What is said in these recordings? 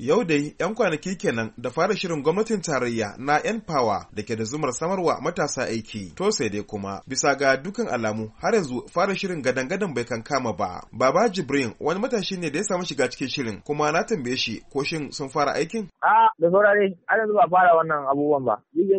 Yau dai 'yan kwanaki kenan da fara shirin gwamnatin tarayya na 'yan fawa da ke da zumar samarwa matasa aiki. To sai dai kuma bisa ga dukan alamu har yanzu fara shirin gadan-gadan bai kan kama ba. Baba Jibrin wani matashi ne da ya samu shiga cikin shirin kuma na tambaye shi ko shin sun fara aikin? A da saurare har yanzu ba fara wannan abubuwan ba.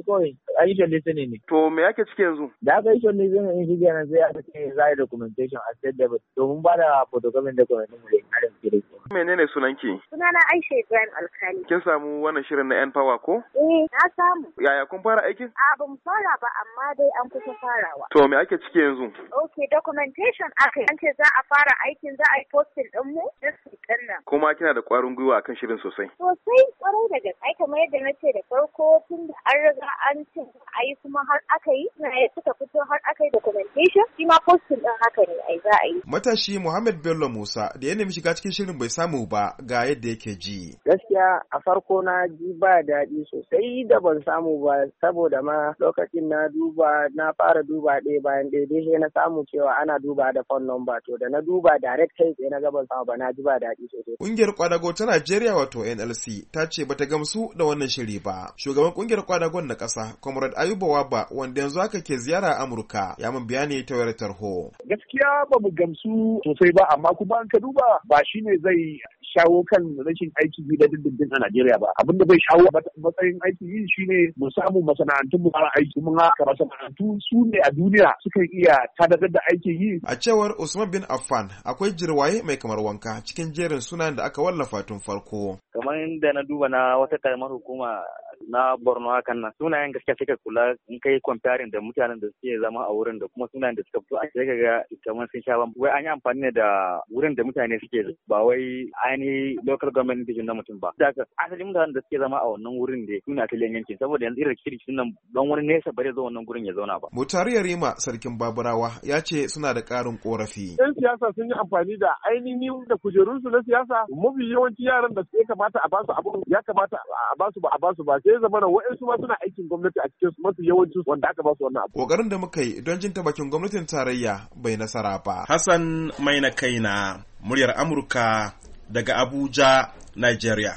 kawai aishalism ne. To me yake ciki yanzu? Da aka aishalism ne shi kenan sai aka ce za a yi documentation a state da domin ba da photocopy document mu da karin kire. Menene sunan ki? Sunana Aisha Ibrahim Alkali. Kin samu wannan shirin na N Power ko? Eh, na samu. Yaya kun fara aikin? A ban fara ba amma dai an kusa farawa. To me ake ciki yanzu? Okay, documentation aka yi. an ce za a fara aikin za a yi posting din mu. matan nan. Kuma kina da ƙwarin gwiwa akan shirin sosai. Sosai ƙwarai da gaske. Ai kamar yadda na ce da farko tun da an riga an ce a yi kuma har aka yi. Na suka fito har aka yi documentation. Shi ma ai za a yi. Matashi Muhammad Bello Musa da ya nemi shiga cikin shirin bai samu ba ga yadda yake ji. Gaskiya a farko na ji ba daɗi sosai da ban samu ba saboda ma lokacin na duba na fara duba ɗaya bayan ɗaya dai sai na samu cewa ana duba da phone number to da na duba direct kai tsaye na ga ban samu ba na ji ba daɗi sosai. Ƙungiyar kwadago ta Najeriya wato NLC ta ce bata gamsu da wannan shiri ba. Shugaban ƙungiyar kwadagon na ƙasa Comrade Ayuba Waba wanda yanzu aka ke ziyara Amurka ya mun bayani ta wayar tarho. Gaskiya ba mu gamsu sosai ba amma kuma an ka duba ba shi ne zai shawo kan rashin aikin yi da dindindin a Najeriya ba abin da bai shawo matsayin aikin yi shine mu samu masana'antu mu fara aiki mun haka masana'antu su ne a duniya sukan iya tadadar da aikin yi a cewar Usman bin Affan akwai jirwaye mai kamar wanka cikin jerin sunan da aka wallafa tun farko kamar da na duba na wata karamar hukuma na borno hakan nan sunayen gaskiya suka kula in kai comparing da mutanen da suke zama a wurin da kuma sunayen da suka fito a sai ga kamar sun sha bambu wai an yi amfani ne da wurin da mutane suke ba wai ainihin local government division na mutum ba daga asalin mutanen da suke zama a wannan wurin da suna asalin yankin saboda yanzu irin kirkin nan don wani nesa bare zo wannan gurin ya zauna ba mutari yarima sarkin baburawa ya ce suna da karin korafi yan siyasa sun yi amfani da ainihin da kujerunsu na siyasa mafi yawanci yaran da suke kamata a basu abu ya kamata a basu ba a basu ba sai sai zama na wa'ansu ma suna aikin gwamnati a cikin mafi yawancin wanda aka ba su wannan abu kokarin da muka yi don jin bakin gwamnatin tarayya bai nasara ba hassan mai na kaina muryar amurka daga abuja nigeria